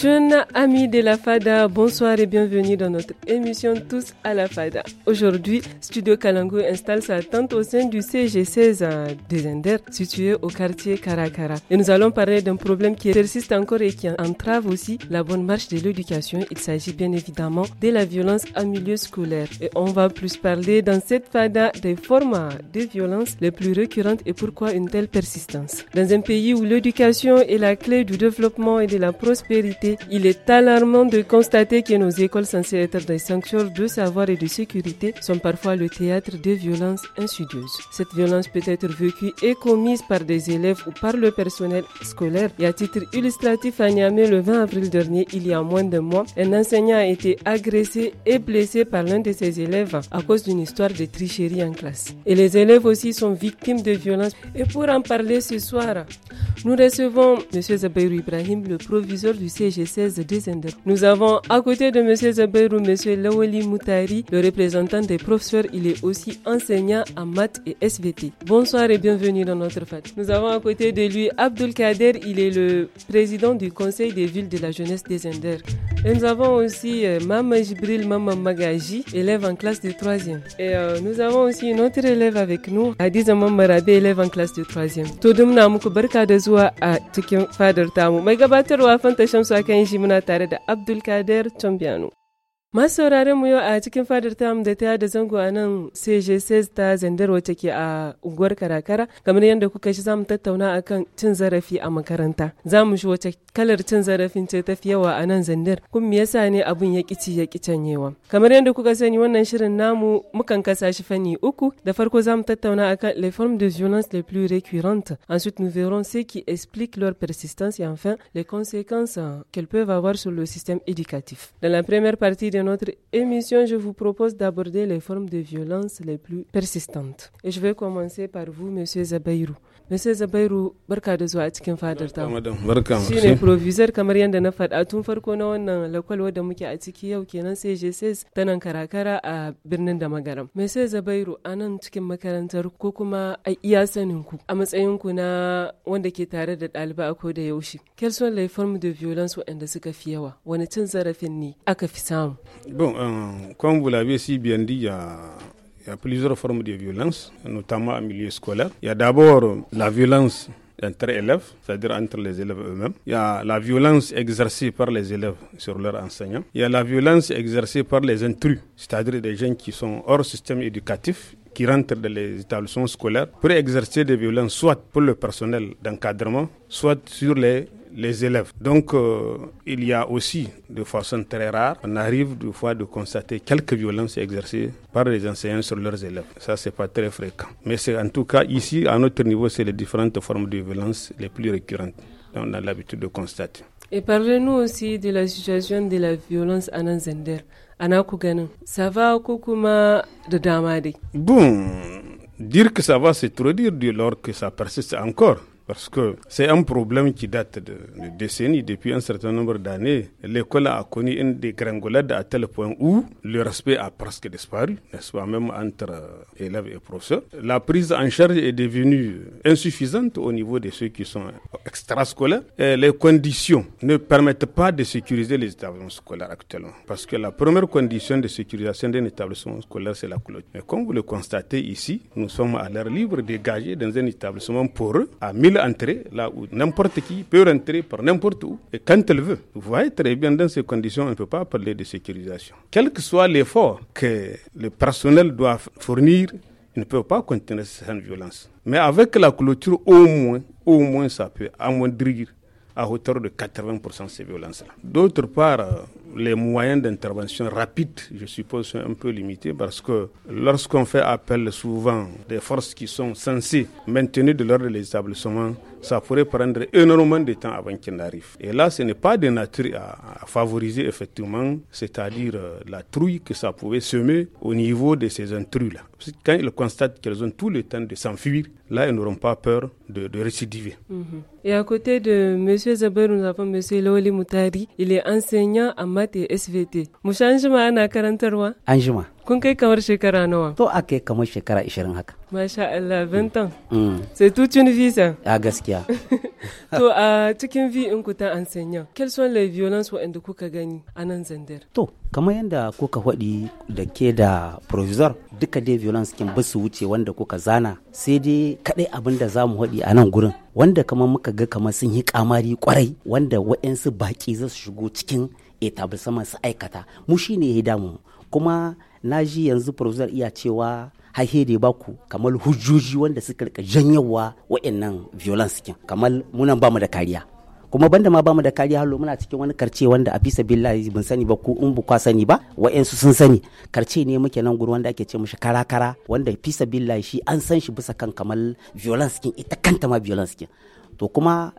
jeunes amis de la FADA, bonsoir et bienvenue dans notre émission Tous à la FADA. Aujourd'hui, Studio Kalango installe sa tente au sein du CG16 à desender situé au quartier Karakara. Et nous allons parler d'un problème qui persiste encore et qui entrave aussi la bonne marche de l'éducation. Il s'agit bien évidemment de la violence en milieu scolaire. Et on va plus parler dans cette FADA des formes de violence les plus récurrentes et pourquoi une telle persistance. Dans un pays où l'éducation est la clé du développement et de la prospérité, il est alarmant de constater que nos écoles censées être des sanctuaires de savoir et de sécurité sont parfois le théâtre de violences insidieuses. Cette violence peut être vécue et commise par des élèves ou par le personnel scolaire. Et à titre illustratif, à Niamey, le 20 avril dernier, il y a moins d'un mois, un enseignant a été agressé et blessé par l'un de ses élèves à cause d'une histoire de tricherie en classe. Et les élèves aussi sont victimes de violences. Et pour en parler ce soir, nous recevons M. Zabirou Ibrahim, le proviseur du CG 16 Nous avons à côté de M. Zaberou, M. Laweli Moutari, le représentant des professeurs. Il est aussi enseignant en maths et SVT. Bonsoir et bienvenue dans notre fête. Nous avons à côté de lui Abdul Kader, il est le président du Conseil des villes de la jeunesse des Zender. Et nous avons aussi euh, Jibril Magaji, élève en classe de 3e. Et euh, nous avons aussi une autre élève avec nous, Hadiza Marabe, élève en classe de 3e. a dukan shi tare da Abdulkader Tombiano. masauraran mu yau a cikin fadar ta da ta da zango a nan cgc ta zandar wacce ke a unguwar karakara kamar yadda kuka shi zamu tattauna akan cin zarafi a makaranta zamu shi wacce kalar cin zarafin ce tafi yawa a nan zandar kun me yasa ne abun ya kici ya canyewa kamar yadda kuka sani wannan shirin namu mukan kasa shi fanni uku da farko zamu tattauna akan les formes de violence les plus récurrentes ensuite nous verrons ce qui explique leur persistance et enfin les conséquences qu'elles peuvent avoir sur le système éducatif dans la première partie de notre émission, je vous propose d'aborder les formes de violence les plus persistantes. Et je vais commencer par vous, Monsieur Zabayrou. Mr. Zabairu barka da zuwa cikin fadar ta. Barka Shi ne provisor kamar yadda na faɗa tun farko na wannan lakwal wadda muke a ciki yau kenan sai JSS ta nan karakara a birnin da magaram. Mr. Zabairu a nan cikin makarantar ko kuma a iya sanin ku a matsayin ku na wanda ke tare da ɗalibai a da yaushe. kelso sont form de violence waɗanda suka fi yawa? Wani cin zarafin ne aka fi samu? Bon, um, comme vous si Il y a plusieurs formes de violence, notamment en milieu scolaire. Il y a d'abord la violence entre élèves, c'est-à-dire entre les élèves eux-mêmes. Il y a la violence exercée par les élèves sur leurs enseignants. Il y a la violence exercée par les intrus, c'est-à-dire des gens qui sont hors système éducatif qui rentrent dans les établissements scolaires pour exercer des violences soit pour le personnel d'encadrement, soit sur les les élèves. Donc, euh, il y a aussi, de façon très rare, on arrive des fois de constater quelques violences exercées par les enseignants sur leurs élèves. Ça, c'est pas très fréquent. Mais c'est en tout cas ici, à notre niveau, c'est les différentes formes de violence les plus récurrentes. On a l'habitude de constater. Et parlez-nous aussi de la situation de la violence à Nanzender. à ça va au kuma de Damadi. Bon, dire que ça va, c'est trop dire, dès lors que ça persiste encore parce que c'est un problème qui date de, décennies. Depuis un certain nombre d'années, l'école a connu une dégringolade à tel point où le respect a presque disparu, n'est-ce pas, même entre euh, élèves et professeurs. La prise en charge est devenue insuffisante au niveau de ceux qui sont extrascolaires. les conditions ne permettent pas de sécuriser les établissements scolaires actuellement. Parce que la première condition de sécurisation d'un établissement scolaire, c'est la clôture. Mais comme vous le constatez ici, nous sommes à l'air libre, dégagés dans un établissement pour eux, à 1000 entrer, là où n'importe qui peut rentrer par n'importe où et quand elle veut. Vous voyez très bien, dans ces conditions, on ne peut pas parler de sécurisation. Quel que soit l'effort que le personnel doit fournir, il ne peut pas contenir cette violence. Mais avec la clôture, au moins, au moins, ça peut amoindrir à hauteur de 80% ces violences-là. D'autre part, euh, les moyens d'intervention rapide, je suppose, sont un peu limités parce que lorsqu'on fait appel souvent des forces qui sont censées maintenir de l'ordre les établissements, ça pourrait prendre énormément de temps avant qu'ils n'arrivent. Et là, ce n'est pas de nature à, favoriser effectivement, c'est-à-dire euh, la trouille que ça pouvait semer au niveau de ces intrus-là. Quand ils constatent qu'ils ont tout le temps de s'enfuir, là, ils n'auront pas peur de, récidiver. Mhm. Et à côté de M. Zaber, nous avons M. Loli Moutari. Il est enseignant en maths Fati SVT. Mushanjima ana karantarwa? Anjima. Kun kai kamar shekara nawa? To a kai kamar shekara 20 haka. Masha Allah, Benton. Mm. Sai tucin visa. A gaskiya. To a cikin vi in ku ta an sanya. Quelles sont violence wa waɗanda kuka gani a nan zandar? To, kamar yadda kuka faɗi da ke da provisor duka dai violence kin ba su wuce wanda kuka zana sai dai kaɗai abin da za mu faɗi a nan gurin wanda kamar muka ga kamar sun yi kamari kwarai wanda waɗansu baƙi za su shigo cikin saman su aikata mu shine ya damu kuma na ji yanzu professor iya cewa haihe da ba ku kamar hujjoji wanda suka rika janyawa wa'annan violence kin kamar munan bamu da kariya kuma banda ma ba mu da kariya halo muna cikin wani karce wanda a bisa billahi bin sani ba ko in ba sani ba wa'ansu sun sani karce ne muke nan gurin wanda ake ce mishi karakara wanda bisa billahi shi an san shi bisa kan kamar violence kin ita kanta ma violence kin to kuma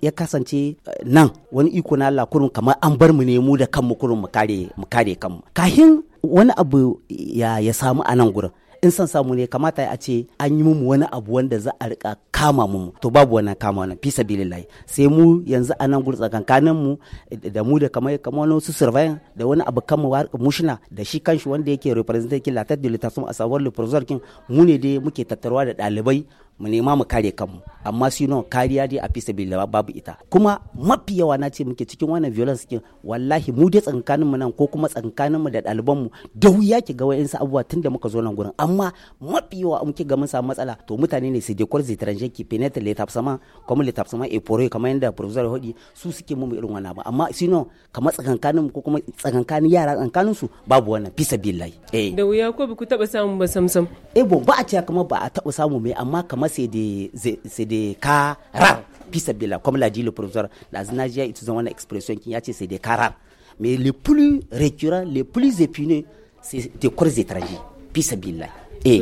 ya kasance eh, nan wani iko na Allah kurun kamar an bar mu ne mu da kanmu kurun mu kare mu kare kanmu kahin wani abu ya, ya samu a nan gurin in san samu ne kamata a ce an yi mu wani abu wanda za a rika kama mu to babu wannan kama wannan fi sabilillahi sai mu yanzu a nan gurin tsakankanin mu eh, da mu da kamar kamar wani su survive da wani abu kanmu mu mushina da shi kanshi wanda yake representative kin latar da litasum a sabuwar le kin mu ne dai muke tattarwa da dalibai mu nema mu kare kanmu amma sino kariya dai a fisa billah babu ita kuma mafi yawa na ce muke cikin wannan violence kin wallahi mu dai tsankanin mu nan ko kuma tsankanin mu da ɗaliban mu da wuya ki ga wayansu abubuwa tunda muka zo nan gurin amma mafi yawa muke ga mun samu matsala to mutane ne su je kwar zitranje ki peneta le tapsama kuma le tapsama e poroi kamar yanda professor hodi su suke mu irin wannan ba amma sino kamar tsankanin mu ko kuma tsankanin yara tsankanin su babu wannan fisa billahi eh da wuya ko ba ku taba samu ba samsam eh ba a ce kamar ba a taba samu mai amma kamar c'est des, c'est des cas ah. rares. Comme l'a dit le professeur, dans la ils ont une expression qui a c'est des cas rares. Mais le plus récurrent, le plus épineux, c'est des corps étrangers. Pisabila. Et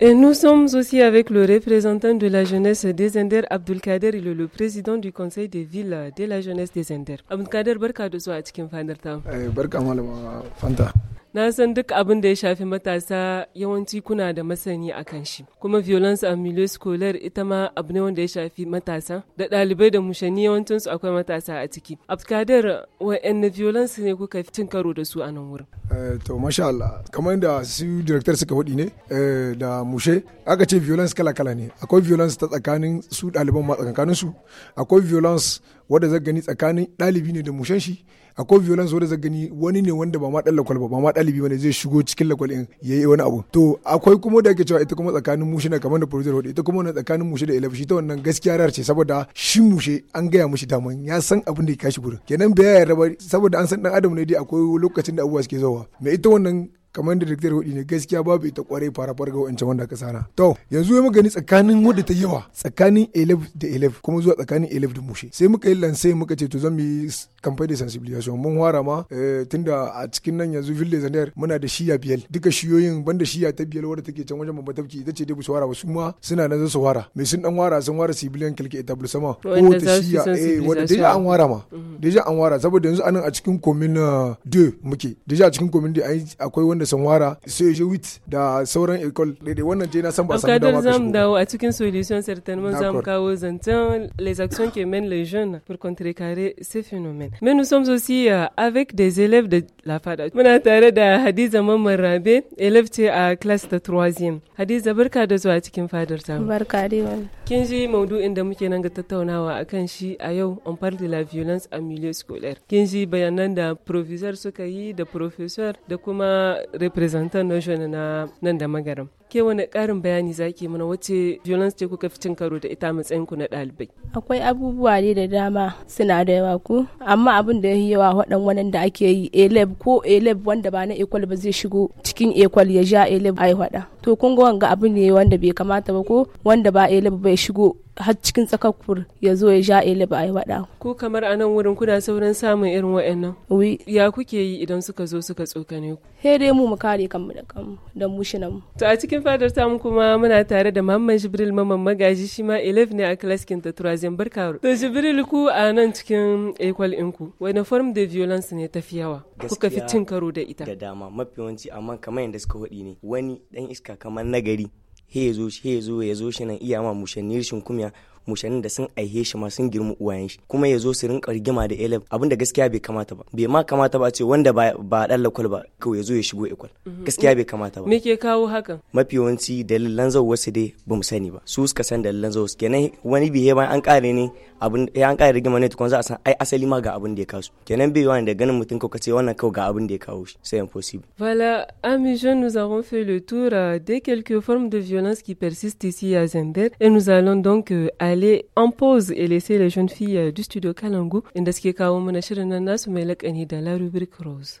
et nous sommes aussi avec le représentant de la jeunesse des Inders, Abdulkader, il est le président du conseil des villes de la jeunesse des Inders. Abdulkader, barka da zuwa cikin fadar ta. Eh, barka malama Fanta. na san duk abin da ya shafi matasa yawanci kuna da masani a kan shi kuma violence and milieu scolaire ita ma abu ne wanda ya shafi matasa da ɗalibai da mushani yawancin su akwai matasa a ciki abdulkadir wa'anne violence ne kuka cin karo da su a nan wurin eh, to masha Allah kamar da su director suka hudi ne eh, da mushe aka ce violence kala kala ne akwai violence ta tsakanin su ɗaliban ma tsakanin su akwai violence wadda zai gani tsakanin ɗalibi ne da mushen shi akwai violence wanda zai gani wani ne wanda ba ma dan lakwal ba ba ma dalibi bane zai shigo cikin lakwal din yayi wani abu to akwai kuma da ke cewa ita kuma tsakanin mushe na kamar da producer ita kuma na tsakanin mushe da elefi ta wannan gaskiya rar ce saboda shi mushe an gaya mushi daman ya san abin da ya kashi gurin kenan bai ya raba saboda an san dan adam ne dai akwai lokacin da abubuwa suke zawa me ita wannan kamar da daktar hudu ne gaskiya babu ita kwarai fara farga wancan wanda ka sana to yanzu ya magani tsakanin wadda ta yawa tsakanin 11 da 11 kuma zuwa tsakanin 11 da mushe sai muka yi lansai muka ce to zan yi kamfai da sensibilisation mun hwara ma eh, tunda a cikin nan yanzu ville zander muna da shiya biyar duka shiyoyin banda shiya ta biyar wadda take can wajen babban tafki ita ce dai su hwara ba su ma suna nan su hwara mai sun dan hwara sun hwara civilian kilke ita etablissement ko ta shiya eh wadda dai an hwara ma mhm. dai an hwara saboda yanzu anan a cikin commune 2 eh, muke dai a cikin commune 2 akwai wanda da sanwara soje wit da sauran ecole da wannan je na san ba samu dama ba dawo a cikin solution certainement zamu kawo zancen les actions que mènent les jeunes pour contrecarrer ces phénomènes mais nous sommes aussi euh, avec des élèves de la fada muna tare da Hadiza Mamman Rabe élève ce a classe de 3e Hadiza barka da zuwa cikin fadar ta barka dai wani kin ji maudu'in da muke nan ga tattaunawa akan shi a yau on parle de la violence en milieu scolaire kin ji bayanan da professeur suka yi da professeur da kuma representant na na nan da magaram ke wani karin bayani zaki mana wace violence ce kuka fi cin karo da ita matsayin ku na dalibai. akwai abubuwa ne da dama suna da yawa ku amma abin da yi yawa waɗan wannan da ake yi eleb ko eleb wanda ba na ekwal ba zai shigo cikin ekwal ya ja eleb ai hwada to kun ga wanga abu ne wanda bai kamata ba ko wanda ba eleb bai shigo har cikin tsakakkur ya zo ya ja ele ba a yi waɗa. Ko kamar anan wurin kuna sauran samun irin wa'annan? Wi. Ya kuke yi idan suka zo suka tsokane ku? He dai mu mu kare kanmu da kanmu da mu shi nan. To a cikin fadar mu kuma muna tare da Mamman Jibril Mamman Magaji shi ma 11 ne a kilaskin ta Turazin Barka. To Jibril ku a nan cikin ekwal Wai wani form de violence ne tafi yawa? Kuka fi cin karo da ita? Da dama mafi yawanci amma kamar yadda suka faɗi ne wani dan iska kamar nagari he ya zo he ya zo ya zo shi nan iya ma mushanni shin kumya mushanin da sun aihe shi ma sun girma uwayen shi kuma ya zo su rinka rigima da elef abin da gaskiya bai kamata ba bai ma kamata ba ce wanda ba ba dan lakwal ba kawai ya zo ya shigo ekwal mhm. gaskiya bai kamata ba me ke kawo hakan mafi yawanci dalilan zau wasu dai bamu sani ba su suka san dalilan zau kenan wani bihe ba an kare ne abin eh an ƙara rigima ne tukun za a san ai asali ma ga abin da ya kawo kenan bai wani da ganin mutum ko kace wannan kawai ga abin da ya kawo shi c'est impossible voilà amis jeunes nous avons fait le tour euh, des quelques formes de violence qui persistent ici à Zender et nous allons donc euh, aller en pause et laisser les jeunes filles euh, du studio Kalangu inda suke kawo mana shirin nan nasu mai lakani da la rubrique rose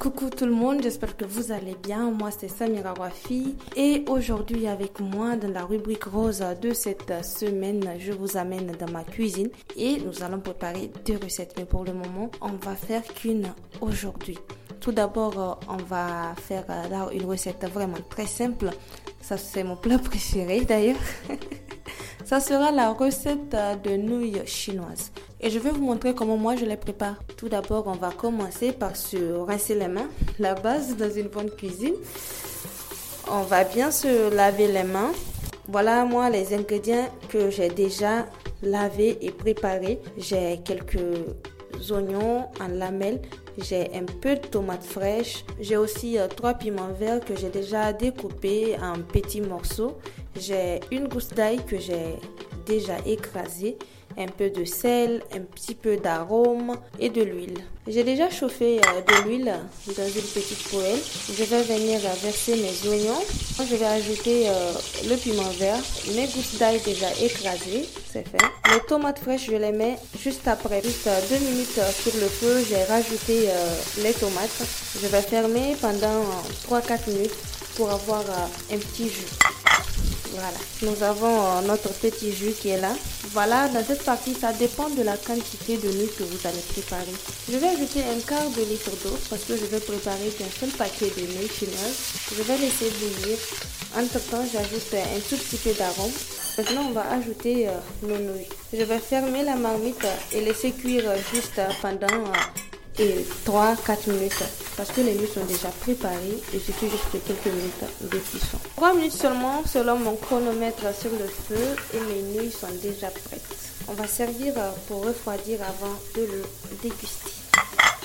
Coucou tout le monde, j'espère que vous allez bien. Moi c'est Samira Wafi et aujourd'hui avec moi dans la rubrique rose de cette semaine, je vous amène dans ma cuisine et nous allons préparer deux recettes. Mais pour le moment, on va faire qu'une aujourd'hui. Tout d'abord, euh, on va faire euh, une recette vraiment très simple. Ça c'est mon plat préféré d'ailleurs. Ça sera la recette de nouilles chinoises et je vais vous montrer comment moi je les prépare. Tout d'abord, on va commencer par se rincer les mains, la base dans une bonne cuisine. On va bien se laver les mains. Voilà moi les ingrédients que j'ai déjà lavé et préparés. J'ai quelques oignons en lamelles, j'ai un peu de tomates fraîches, j'ai aussi euh, trois piments verts que j'ai déjà découpés en petits morceaux, j'ai une gousse d'ail que j'ai déjà écrasée, un peu de sel, un petit peu d'arôme et de l'huile. J'ai déjà chauffé euh, de l'huile dans une petite poêle. Je vais venir verser mes oignons. Je vais ajouter euh, le piment vert, mes gouttes d'ail déjà écrasées, c'est fait. Les tomates fraîches, je les mets juste après, juste euh, deux minutes sur le feu. J'ai rajouté les tomates. Je vais fermer pendant 3-4 minutes pour avoir un petit jus. Voilà, nous avons notre petit jus qui est là. Voilà, dans cette partie, ça dépend de la quantité de noix que vous allez préparer. Je vais ajouter un quart de litre d'eau parce que je vais préparer qu'un seul paquet de nouilles finales. Je vais laisser bouillir. Entre temps, j'ajoute un tout petit peu d'arôme. Maintenant, on va ajouter nos euh, nouilles. Je vais fermer la marmite et laisser cuire euh, juste euh, pendant 3-4 minutes parce que les nuits sont déjà préparées et fait juste quelques minutes de cuisson. 3 minutes seulement selon mon chronomètre sur le feu et mes nuits sont déjà prêtes. On va servir pour refroidir avant de le déguster.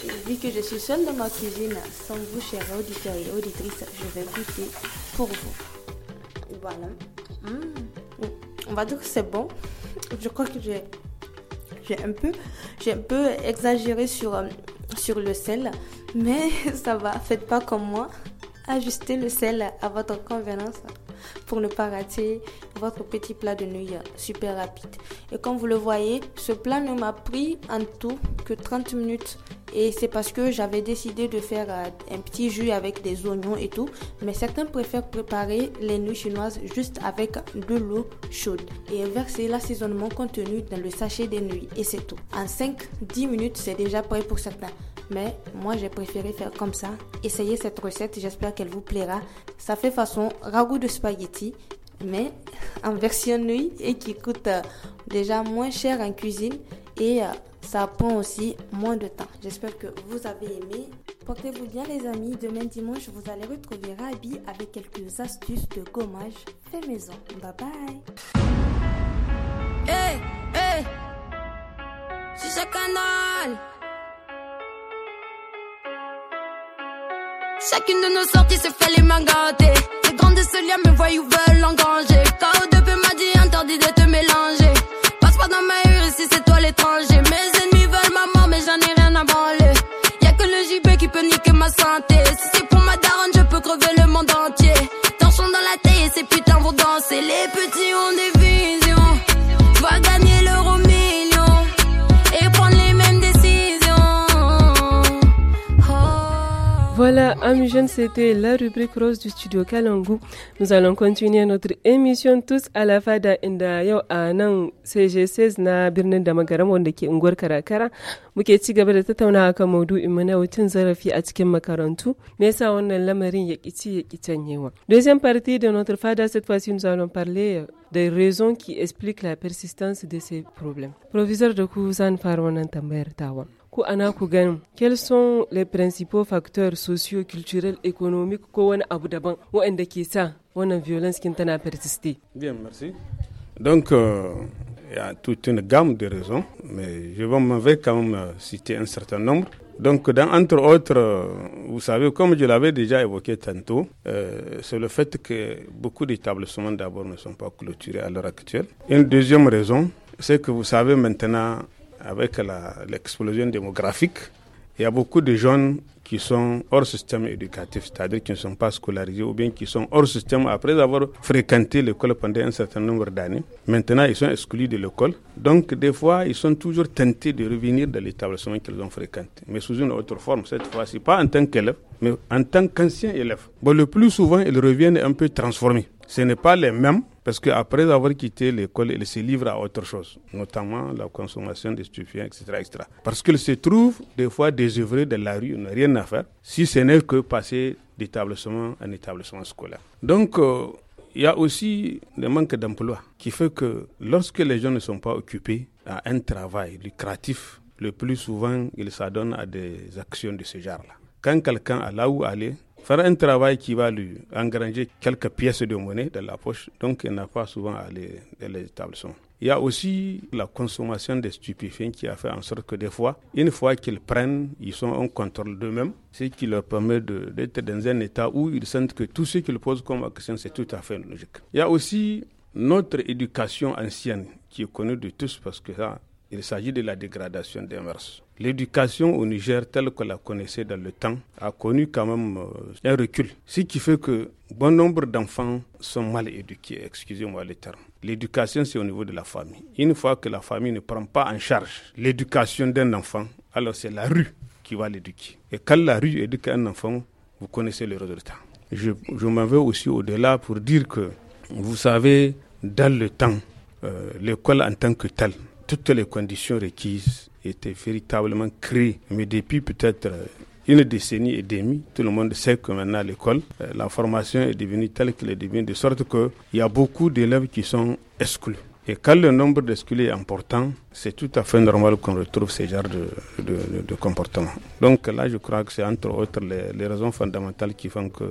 Et vu que je suis seule dans ma cuisine, sans vous, chers auditeurs et auditrices, je vais goûter pour vous. Voilà. Mmh. On va dire que c'est bon. Je crois que j'ai un peu, j'ai un peu exagéré sur euh, le sel, mais ça va, faites pas comme moi. Ajustez le sel à votre convenance pour ne pas rater votre petit plat de nouilles super rapide. Et comme vous le voyez, ce plat ne m'a pris en tout que 30 minutes. Et c'est parce que j'avais décidé de faire euh, un petit jus avec des oignons et tout. Mais certains préfèrent préparer les nuits chinoises juste avec de l'eau chaude et verser l'assaisonnement contenu dans le sachet des nuits Et c'est tout. En 5-10 minutes, c'est déjà prêt pour certains mais moi j'ai préféré faire comme ça. Essayez cette recette, j'espère qu'elle vous plaira. Ça fait façon ragoût de spaghetti, mais en version nuit et qui coûte euh, déjà moins cher en cuisine et euh, ça prend aussi moins de temps. J'espère que vous avez aimé. Portez-vous bien les amis. Demain dimanche, vous allez retrouver Rabi avec quelques astuces de gommage fait maison. Bye bye. ce canal. Chacune de nos sorties se fait les mains gâtées. Les grandes de ce lien me voient ou veulent engranger. ko de m'a dit interdit de te mélanger. Passe pas dans ma rue si c'est toi l'étranger. Mes ennemis veulent ma mort, mais j'en ai rien à branler. Y'a que le JB qui peut niquer ma santé. Si c'est pour ma daronne, je peux crever le monde entier. Torchons dans la tête et ces putains vont danser. Les petits ont des Voilà, amis jeunes, c'était la rubrique rose du studio Kalangu. Nous allons continuer notre émission tous à la fada inda à nan CG16 na birnin da magaram wanda ke unguwar Karakara. Muke ci gaba da tattauna kan maudu'in mu wucin zarafi a cikin makarantu. Me yasa wannan lamarin ya kici ya kicanyewa. Deuxième partie de notre fada, cette fois-ci nous allons parler des raisons qui expliquent la persistance de ces problèmes. Professeur de Kouzan zan fara quels sont les principaux facteurs sociaux culturels économiques qui ont abu daban la violence qui a persisté bien merci donc euh, il y a toute une gamme de raisons mais je vais quand même euh, citer un certain nombre donc, dans, entre autres, euh, vous savez, comme je l'avais déjà évoqué tantôt, c'est le fait que beaucoup d'établissements d'abord ne sont pas clôturés à l'heure actuelle. Une deuxième raison, c'est que vous savez maintenant, avec l'explosion démographique, il y a beaucoup de jeunes qui sont hors système éducatif, c'est-à-dire qui ne sont pas scolarisés ou bien qui sont hors système après avoir fréquenté l'école pendant un certain nombre d'années. Maintenant, ils sont exclus de l'école. Donc, des fois, ils sont toujours tentés de revenir dans l'établissement qu'ils ont fréquenté, mais sous une autre forme, cette fois-ci, pas en tant qu'élève, mais en tant qu'ancien élève. Bon, le plus souvent, ils reviennent un peu transformés. Ce n'est pas les mêmes parce qu'après avoir quitté l'école, ils se livre à autre chose, notamment la consommation de stupéfiants, etc., Parce qu'il se trouve des fois désœuvrés de la rue, ne rien à faire, si ce n'est que passer d'établissement en établissement scolaire. Donc, euh, il y a aussi le manque d'emploi qui fait que lorsque les gens ne sont pas occupés à un travail lucratif, le plus souvent, ils s'adonnent à des actions de ce genre-là. Quand quelqu'un a là où aller, Faire un travail qui va lui engranger quelques pièces de monnaie dans la poche, donc il n'a pas souvent à aller dans les établissements. Il y a aussi la consommation des stupéfiants qui a fait en sorte que des fois, une fois qu'ils prennent, ils sont en contrôle d'eux-mêmes, ce qui leur permet d'être dans un état où ils sentent que tout ce qu'ils posent comme action, c'est tout à fait logique. Il y a aussi notre éducation ancienne qui est connue de tous parce que ça, il s'agit de la dégradation des mœurs. L'éducation au Niger, telle que la connaissait dans le temps, a connu quand même euh, un recul. Ce qui fait que bon nombre d'enfants sont mal éduqués, excusez-moi le terme. L'éducation, c'est au niveau de la famille. Une fois que la famille ne prend pas en charge l'éducation d'un enfant, alors c'est la rue qui va l'éduquer. Et quand la rue éduque un enfant, vous connaissez le résultat. Je, m'en vais aussi au-delà pour dire que, vous savez, dans le temps, euh, l'école en tant que telle, toutes les conditions requises étaient véritablement créées. Mais depuis peut-être euh, une décennie et demie, tout le monde sait que maintenant à l'école, euh, la formation est devenue telle qu'elle est devenue, de sorte qu'il y a beaucoup d'élèves qui sont exclus. Et quand le nombre d'exclus est important, c'est tout à fait normal qu'on retrouve ce genre de, de, comportement. Donc là, je crois que c'est entre autres les raisons fondamentales qui font que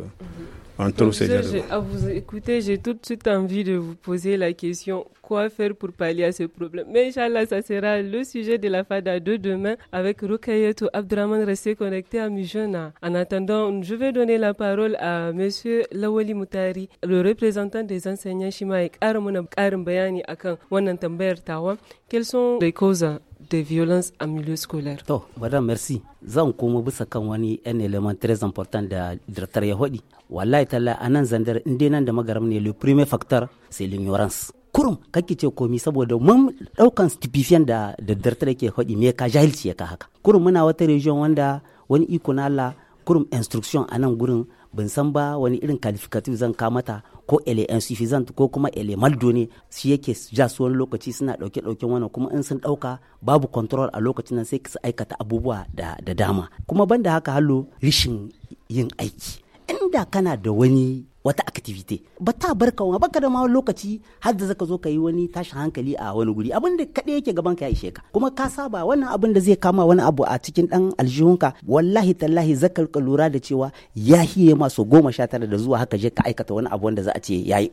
entre À vous écouter, j'ai tout de suite envie de vous poser la question quoi faire pour pallier à ce problème. Mais Inch'Allah, ça sera le sujet de la FADA de demain avec Rukayetou Abdraman. resté connecté à Mijona. En attendant, je vais donner la parole à Monsieur Lawali Moutari, le représentant des enseignants chimaïques. Aramuna Armbayani Akan, Wanantamber Tawa. Quelles sont les causes des violences en milieu scolaire. To, madame, merci. Zan komo bisa kan wani element très important de directeur ya hodi. Wallahi talla anan zandar inda nan da le premier facteur c'est l'ignorance. kurum kake ce komi saboda mun daukan stupefin da da directeur yake hodi me ka jahilci ka haka. Kurum muna wata region wanda wani iko na kurum instruction anan nan ban san ba wani irin qualificative zan ka mata ko ele insuffisant ko kuma ele maldo ne shi yake ja su wani lokaci suna dauke dauke wannan kuma in sun dauka babu control a lokacin nan sai su aikata abubuwa da, da dama kuma banda haka hallo rishin yin aiki inda kana da wani wata activity ba ta bar ka ba ka da ma lokaci har da zaka zo ka yi wani tashin hankali a wani guri abin da kaɗai yake gaban ka ya ishe ka kuma ka saba wannan abin da zai kama wani abu a cikin dan aljihunka wallahi tallahi zaka ka lura da cewa ya hiye maso goma sha tara da zuwa haka je ka aikata wani abu wanda za a ce ya yi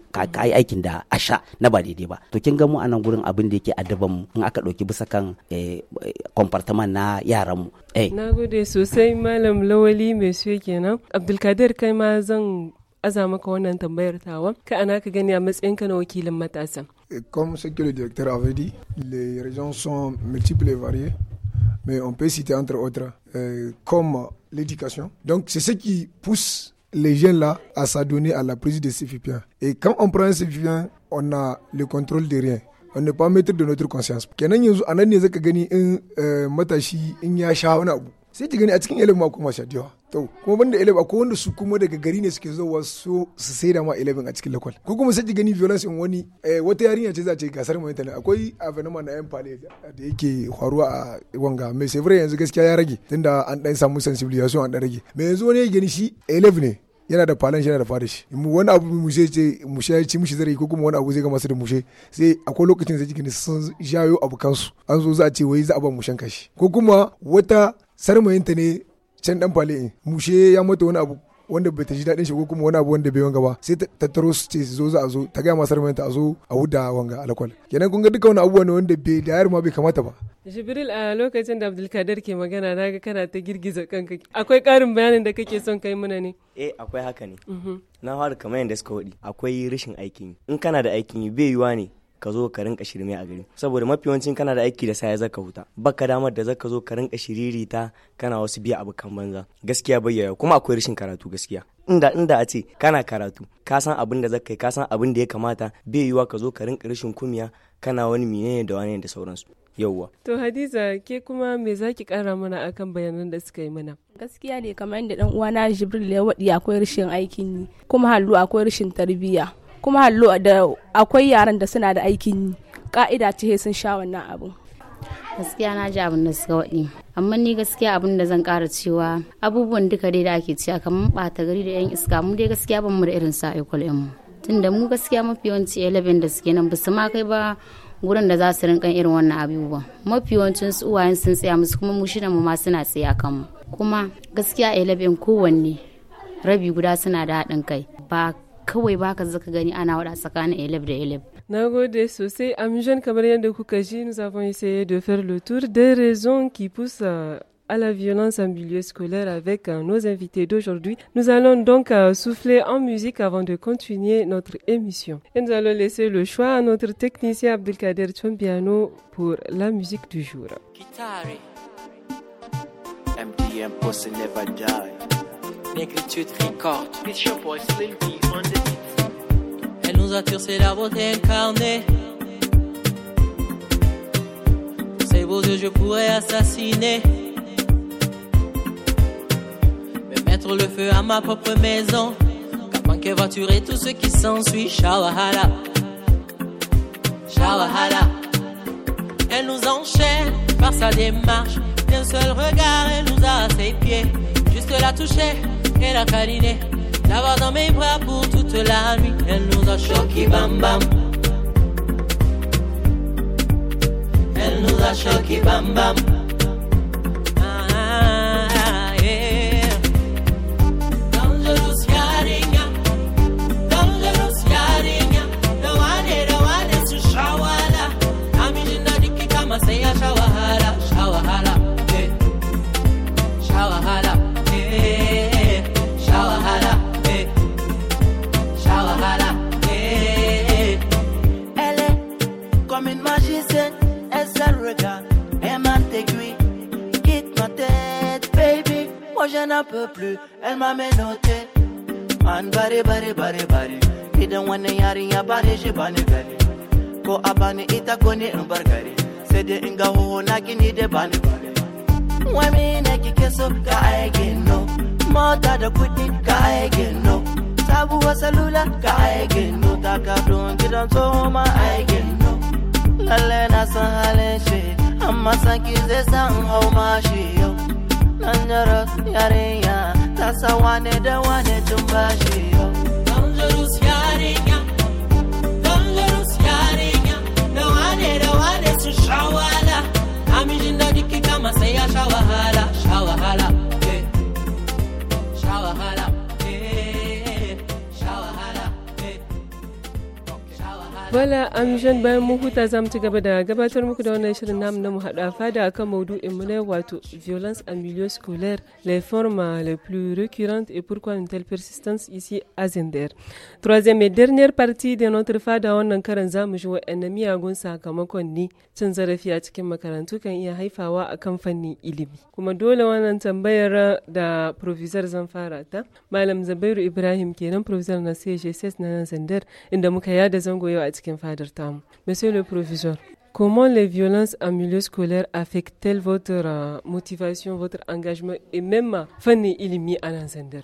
aikin da a sha na ba daidai ba to kin ga mu anan gurin abin da yake addaban mu in aka ɗauki bisa kan eh, comportement na yaran mu eh. na gode sosai malam lawali mai kenan abdulkadir kai ma zan comme ce que le directeur avait dit les régions sont multiples et variées mais on peut citer entre autres euh, comme l'éducation donc c'est ce qui pousse les jeunes là à s'adonner à la prise de stupéfiants et quand on prend un stupéfiant on a le contrôle de rien on n'est pas maître de notre conscience kenan a ne zaka gani in euh, matashi in un sai ki gani a cikin ilimin ma kuma sha da to kuma banda ilimin akwai wanda su kuma daga gari ne suke zuwa su su sai da ma ilimin a cikin lakwal ko kuma sai ki gani violence in wani eh, wata yarinya ce za ta yi gasar mai tana akwai avenuma na yan fale da yake faruwa a wanga mai sefura yanzu gaskiya ya rage tunda an dan samu sensibilization an dan rage mai yanzu wani ya gani shi 11 ne yana da falon yana da farish mu wani abu mushe ce mu ya ci mushi zarafi ko kuma wani abu zai ga masu da mushe sai akwai lokacin sai jikin sun jayo abu kansu an zo za a ce wai za a ba mushen kashi ko kuma wata sar sarmayinta ne can dan fale mushe ya mata wani abu wanda bai ta ji daɗin shi ko kuma wani abu wanda bai wanga ba sai ta taro su ce zo za a zo ta gaya sar mu ta a zo a huda wanga alkol kenan kun ga duka wani abubuwa ne wanda bai da ma bai kamata ba Jibril a lokacin da Abdulkadir ke magana na ga kana ta girgiza kanka akwai ƙarin bayanin da kake son kai muna ne eh akwai haka ne mhm. na fara kamar yadda suka wadi akwai rashin aikin in kana da aikin yi bai yiwa ne ka zo ka rinka shirme a gari saboda mafi yawancin kana da aiki da sai zaka huta baka damar da zaka zo ka rinka shiririta kana wasu biya kan banza gaskiya bayyaya kuma akwai rashin karatu gaskiya inda inda a ce kana karatu ka san abin da zaka yi ka san abin da ya kamata bai yiwa ka zo ka rinka rashin kumiya kana wani menene da wani da sauransu yauwa. To Hadiza ke kuma me zaki kara mana akan bayanan da suka yi mana? Gaskiya ne kamar yadda dan uwana Jibril ya wadi akwai rashin aikin yi kuma hallu akwai rashin tarbiyya. kuma hallo da akwai yaran da suna da aikin ka'ida ce sun sha wannan abu. gaskiya na ji abin da suka waɗi amma ni gaskiya abin da zan ƙara cewa abubuwan duka dai da ake cewa kamar ɓata gari da yan iska mu dai gaskiya ban mu da irin sa aikul mu tunda mu gaskiya mafi yawanci 11 da suke nan ba ma kai ba gurin da za su rinka irin wannan abubuwan mafi yawancin su uwayen sun tsaya musu kuma mu shida mu ma suna tsaya kan mu kuma gaskiya 11 kowanne rabi guda suna da haɗin kai ba kawai gani ana wada nous avons essayé de faire le tour des raisons qui poussent euh, à la violence en milieu scolaire avec euh, nos invités d'aujourd'hui. Nous allons donc euh, souffler en musique avant de continuer notre émission. Et nous allons laisser le choix à notre technicien Abdelkader piano pour la musique du jour. Guitare. never die négritude record. tu Elle nous attire, c'est la beauté incarnée. Ces beaux yeux, je pourrais assassiner. Mais mettre le feu à ma propre maison. Comment que voiture et tout ce qui s'ensuit. Shawahala. Shawahala. Elle nous enchaîne par sa démarche. D'un seul regard, elle nous a à ses pieds. Juste la toucher Elle a câliné, l'avoir dans mes bras pour toute la nuit. Elle nous a choqué, bam bam. Elle nous a choqué, bam bam. da ne in bar gari sai dai in ga hoho na gini da ba ni bare wai me ne kike so ka aike no mota da kudi ka aike no sabuwa salula ka aike no taka don gidan tsoho ma aike no lalle na san halin shi amma k'i zai san hau ma shi yau nan jaros yarinya ta sa wane da wane tun ba shi yau. Bala Amjan bayan mun huta za mu ci gaba da gabatar muku da wannan shirin namu na mu haɗa fada akan maudu'in mu na wato violence en milieu scolaire les formes les plus récurrentes et pourquoi une telle persistance ici à Zender. Troisième et dernière partie de notre fada wannan karan za mu ji wa'annan miyagun sakamakon ni cin zarafi a cikin makarantu kan iya haifawa a kan fannin ilimi. Kuma dole wannan tambayar da professor zan fara ta. Malam Zabairu Ibrahim kenan professor na CGSS na Zender inda muka yada zango yau a cikin Monsieur le professeur, comment les violences en milieu scolaire affectent-elles votre euh, motivation, votre engagement et même euh, Fanny Ilimi à l'incendie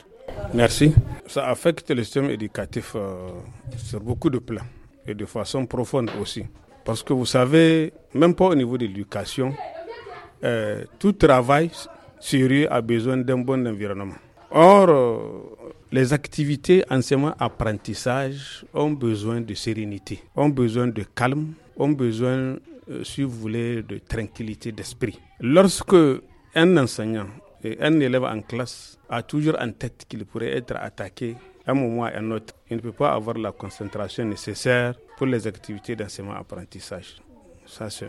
Merci. Ça affecte le système éducatif euh, sur beaucoup de plans et de façon profonde aussi. Parce que vous savez, même pas au niveau de l'éducation, tout travail sérieux a besoin d'un bon environnement. Or, les activités denseignement apprentissage ont besoin de sérénité, ont besoin de calme, ont besoin, euh, si vous voulez, de tranquillité d'esprit. Lorsque un enseignant et un élève en classe a toujours en tête qu'il pourrait être attaqué à un moment ou à un autre, il ne peut pas avoir la concentration nécessaire pour les activités d'enseignement-apprentissage. Ça, c'est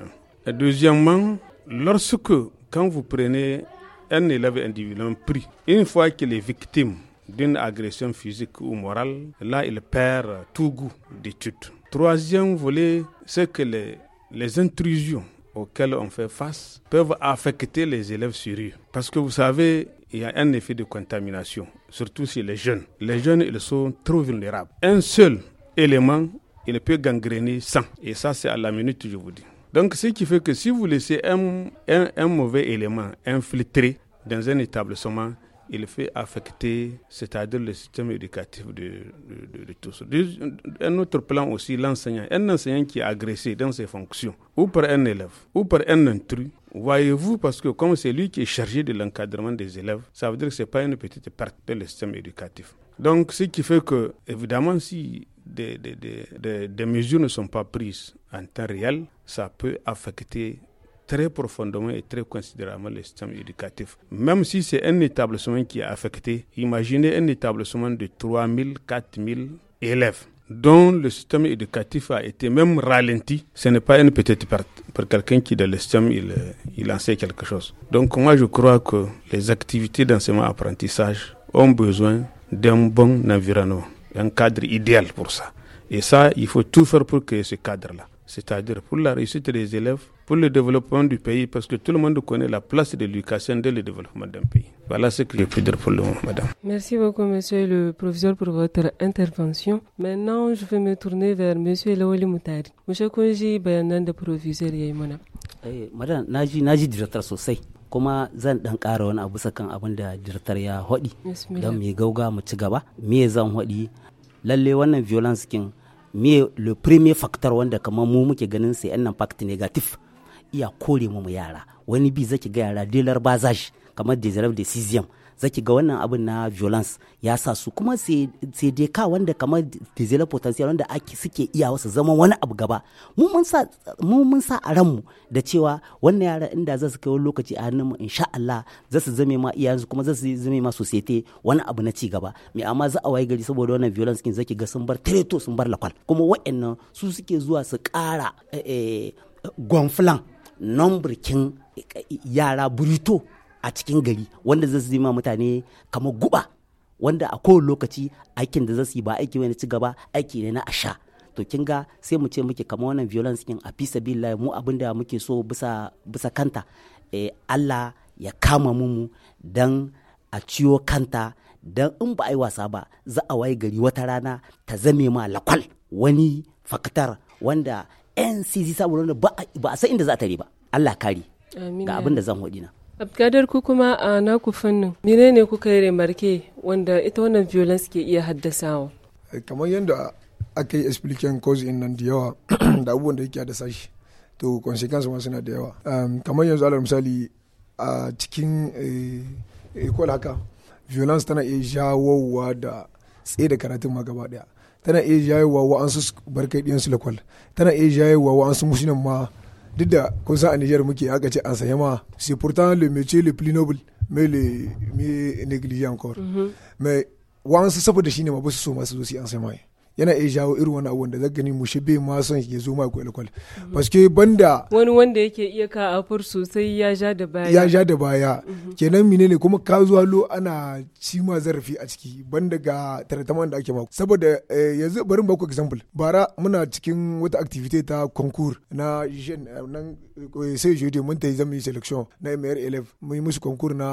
un. deuxièmement, lorsque, quand vous prenez un élève individuellement pris, une fois qu'il est victime, d'une agression physique ou morale, là, il perd tout goût d'étude. Troisième volet, c'est que les, les intrusions auxquelles on fait face peuvent affecter les élèves sur eux, Parce que vous savez, il y a un effet de contamination, surtout chez les jeunes. Les jeunes, ils sont trop vulnérables. Un seul élément, il peut gangréner 100. Et ça, c'est à la minute, je vous dis. Donc, ce qui fait que si vous laissez un, un, un mauvais élément infiltrer dans un établissement, il fait affecter, c'est-à-dire le système éducatif de, tous. Un autre plan aussi, l'enseignant. Un enseignant qui est agressé dans ses fonctions, ou par un élève, ou par un intrus, Voyez-vous, parce que comme c'est lui qui est chargé de l'encadrement des élèves, ça veut dire que ce n'est pas une petite partie de le système éducatif. Donc, ce qui fait que, évidemment, si des, des mesures ne sont pas prises en temps réel, ça peut affecter très profondément et très considérablement le système éducatif. Même si c'est un établissement qui est affecté, imaginez un établissement de 3000, 4000 élèves dont le système éducatif a été même ralenti, ce n'est pas une petite perte pour quelqu'un qui, dans le système, il, il en sait quelque chose. Donc moi, je crois que les activités d'enseignement-apprentissage ont besoin d'un bon environnement, un cadre idéal pour ça. Et ça, il faut tout faire pour créer ce cadre-là. C'est-à-dire pour la réussite des élèves, pour le développement du pays parce que tout le monde connaît la place de l'éducation dans le développement d'un pays. Voilà ce que je peux dire pour le moment, madame. Merci beaucoup, monsieur le professeur, pour votre intervention. Maintenant, je vais me tourner vers monsieur Lawali Moutari. Monsieur Kunji, bayanan da professeur Yaimona. Eh, madame, mana. madam, Naji, directeur na sosai. kuma zan dan kara wani abu sakan abin da director ya hodi don mu gauga mu ci gaba me zan hodi lalle wannan violence kin me le premier factor wanda kamar mu muke ganin sai yan nan fact negative iya kore mu yara wani bi zaki ga yara delar bazaj kamar deserve de sixième zaki ga wannan abin na violence ya sa su kuma sai dai ka wanda kamar dizela potential wanda ake suke iya wasu zama wani abu gaba mu mun sa a ranmu da cewa wannan yara inda za su kai wani lokaci a hannunmu insha Allah za su zame ma iyayensu kuma za su zame ma society wani abu na ci gaba me amma za a waye gari saboda wannan violence kin zaki ga sun bar tereto sun bar lakwal kuma wa'annan su suke zuwa su kara eh, eh, gonflan nombrikin yara burito a cikin gari wanda zai ma mutane kamar guba wanda a kowane lokaci aikin da zasu yi ba aiki wani ci gaba aiki ne na asha to kin ga sai mu ce muke kamar wannan violence kin a fisa billahi mu abin da muke so bisa bisa kanta e, Allah ya kama mu dan a ciwo kanta dan in ba a yi wasa ba za a waye gari wata rana ta zame ma lakwal wani faktar wanda ncc saboda ba a san inda za ta ba allah kare ga abin da zan hodi na abgadar ku kuma a naku fannin menene kuka yi remarke wanda ita wannan violence ke iya haddasawa eh, kamar yadda aka yi explain cause in nan da yawa da abubuwan da yake haddasa shi to consequence ma suna da yawa um, kamar yanzu alal misali a cikin ikwal eh, eh, haka violence tana iya jawowa da tsaye da karatun ma gaba daya tana iya jayewa wa'ansu barkai ɗiyansu lakwal tana iya jayewa wa'ansu musulun ma duk da kun san a Nijar muke aka ce an sayama ma pourtant le métier le plus noble mais le mieux négligé encore mhm. mais wa'ansu saboda shine ma ba su so masu zo su an sayama ma yana iya jawo irin wani abu da zaka gani mu shi bai ma son ya zo ma kwale. Mhm. parce que banda wani wanda yake iya ka afur sosai ya ja da baya ya ja da baya mhm. kenan menene kuma ka zuwa lo ana shi ma zarafi a ciki ban daga tarataman da ake mako saboda eh, yanzu bari baku example bara muna cikin wata activity ta concours na jen eh, nan eh, sai jeudi mun ta zama yi selection na MR11 mun yi musu concours na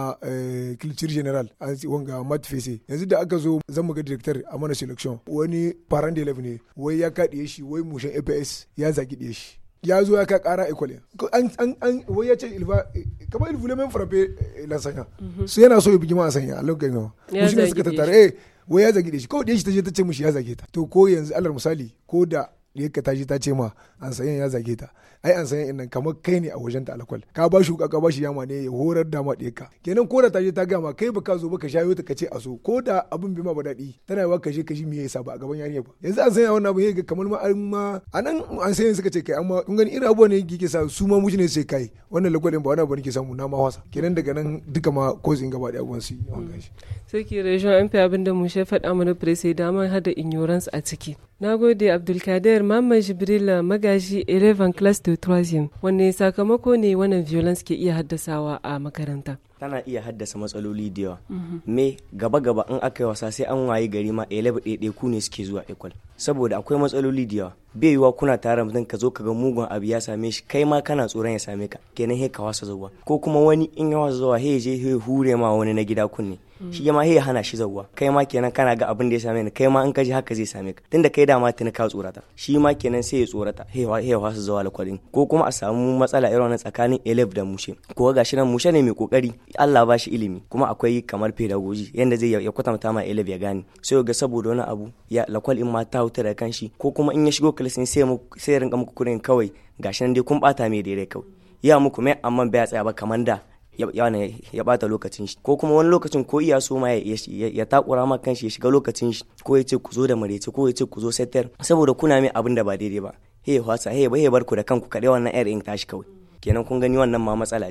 culture general an wanga mat fese yanzu da aka zo zamu ga director a mana selection wani parent 11 ne wai ya kaɗiye shi wai mushin APS ya zagi diye shi ya zo ya ka kara equal an an an wai ya ce ilva kamar ilvule men farafe eh, sanya mhm. su yana so ya bugi ma a sanya lokacin gama mushi ne suka tattara eh wai ya zage shi ko da shi ta je ta ce mushi ya zage ta to ko yanzu alal misali ko da yake ta je ta ce ma an sanya ya zage ta ai an san nan kamar kai ne a wajen ta alkwal ka ba shi ka ba shi yama ne ya horar da ma ka kenan ko da ta je ta gama kai baka zo ba ka shayo ta kace a so ko da abin bai ma ba daɗi tana yawa ka je ka ji me yasa ba a gaban yarinya ba yanzu an san wannan abin yake kamar ma an ma anan an san suka ce kai amma kun gani irin abubuwan ne yake sa su ma mutune sai kai wannan lagwalin ba wani abu ne ke samu na ma wasa kenan daga nan duka ma zin gaba da abubuwan su yi wangan shi sai ki reshen an fi abin da mu shi faɗa mana prese damar hada ignorance a ciki nagode abdulkader mamman jibrila magaji 11 cluster 2 wanne sakamako ne wannan violence ke iya haddasawa a makaranta tana iya haddasa matsaloli da yawa mhm. me gaba gaba in aka yi wasa sai an waye gari ma eleba ɗaiɗai ku ne suke zuwa ikwal saboda akwai matsaloli da yawa bai yiwuwa kuna tara mutum ka zo ka ga mugun abu ya same shi kai ma kana tsoron ya same ka kenan he ka wasa zuwa ko kuma wani in ya wasa zuwa he je he hure ma wani na gida kunne shi ma ya hana shi zaguwa kai ma kenan kana ga abin da ya same ni kai ma in ka ji haka zai same ka tunda kai dama tuni ka tsorata shi ma kenan sai ya tsorata hewa hewa su zawa alkwalin ko kuma a samu matsala irin na tsakanin elef da mushe ko shi nan mushe ne mai kokari Allah ba shi ilimi kuma akwai kamar pedagogy yanda zai ya kwatanta ma elef ya gane sai ga saboda wani abu ya lakwal in ma ta huta da kanshi ko kuma in ya shigo klasin sai sai ya rinka muku kurin kawai gashi nan dai kun bata mai daidai kawai ya muku mai amma bai tsaya ba kamar da ya bata lokacin shi ko kuma wani lokacin ko iya so ma ya takura ma kanshi ya shiga lokacin shi ko ya ce ku zo da mareci ko ya ce ku zo setter saboda kuna mai abin da ba daidai ba he wasa he ba he barku da kanku kaɗai wannan yar in tashi kawai kenan kun wannan ma matsala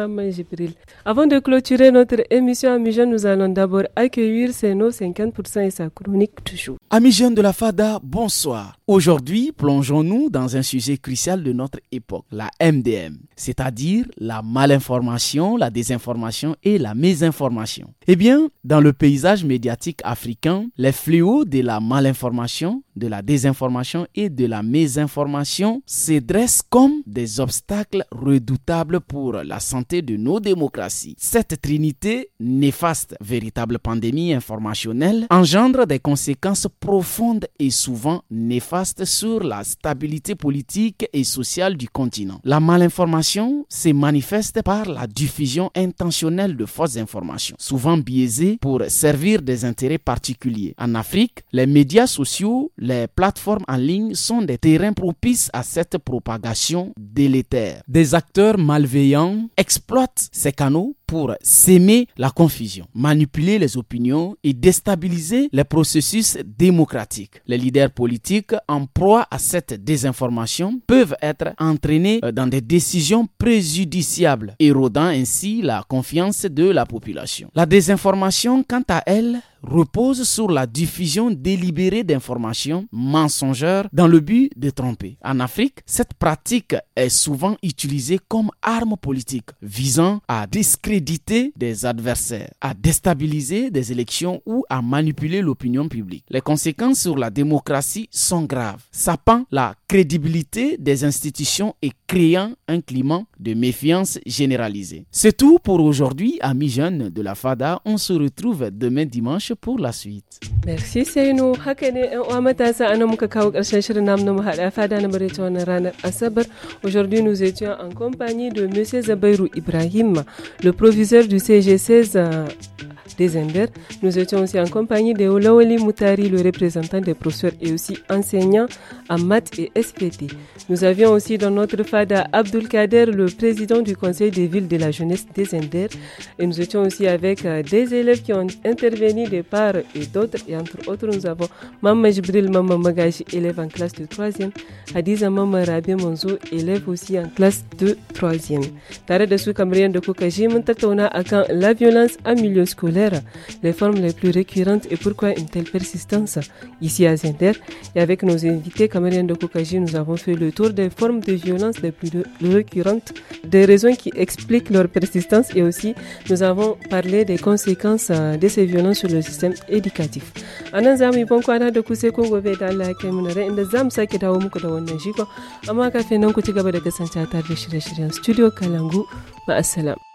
maman jibril avant de clôturer notre émission Ami nous allons d'abord accueillir nos 50% et sa chronique toujours amis jeunes de la fada bonsoir aujourd'hui plongeons-nous dans un sujet crucial de notre époque la MDM c'est-à-dire la malinformation la désinformation et la mésinformation eh bien dans le paysage médiatique africain les fléaux de la malinformation de la désinformation et de la mésinformation se dressent comme des obstacles redoutables pour la santé de nos démocraties. Cette trinité néfaste, véritable pandémie informationnelle, engendre des conséquences profondes et souvent néfastes sur la stabilité politique et sociale du continent. La malinformation se manifeste par la diffusion intentionnelle de fausses informations, souvent biaisées pour servir des intérêts particuliers. En Afrique, les médias sociaux, les plateformes en ligne sont des terrains propices à cette propagation délétères. Des acteurs malveillants exploitent ces canaux pour s'aimer la confusion, manipuler les opinions et déstabiliser les processus démocratiques. Les leaders politiques en proie à cette désinformation peuvent être entraînés euh, dans des décisions préjudiciables, érodant ainsi la confiance de la population. La désinformation, quant à elle, repose sur la diffusion délibérée d'informations mensongères dans le but de tromper. En Afrique, cette pratique est souvent utilisée comme arme politique visant à discréditer des adversaires, à déstabiliser des élections ou à manipuler l'opinion publique. Les conséquences sur la démocratie sont graves, sapant la crédibilité des institutions et créant un climat de méfiance généralisée. C'est tout pour aujourd'hui, amis jeunes de la FADA. On se retrouve demain dimanche pour la suite. Merci Seynou. Aujourd'hui, nous étions en compagnie de Monsieur Zabairou Ibrahim, le du CG16 nous étions aussi en compagnie de Olaoli Moutari, le représentant des professeurs et aussi enseignant en maths et SPT. Nous avions aussi dans notre fada Abdul Kader, le président du conseil des villes de la jeunesse des Inders. Et nous étions aussi avec euh, des élèves qui ont intervenu de part et d'autre. Et entre autres, nous avons Mamma Jibril Mamma Magaji, élève en classe de 3e, Hadiza Mamma Rabi Monzo, élève aussi en classe de 3e. Tare la violence en milieu scolaire les formes les plus récurrentes et pourquoi une telle persistance ici à Zender. Et avec nos invités, camerounais de Kokaji, nous avons fait le tour des formes de violence les plus récurrentes, des raisons qui expliquent leur persistance et aussi nous avons parlé des conséquences euh, de ces violences sur le système éducatif. anan studio kalangu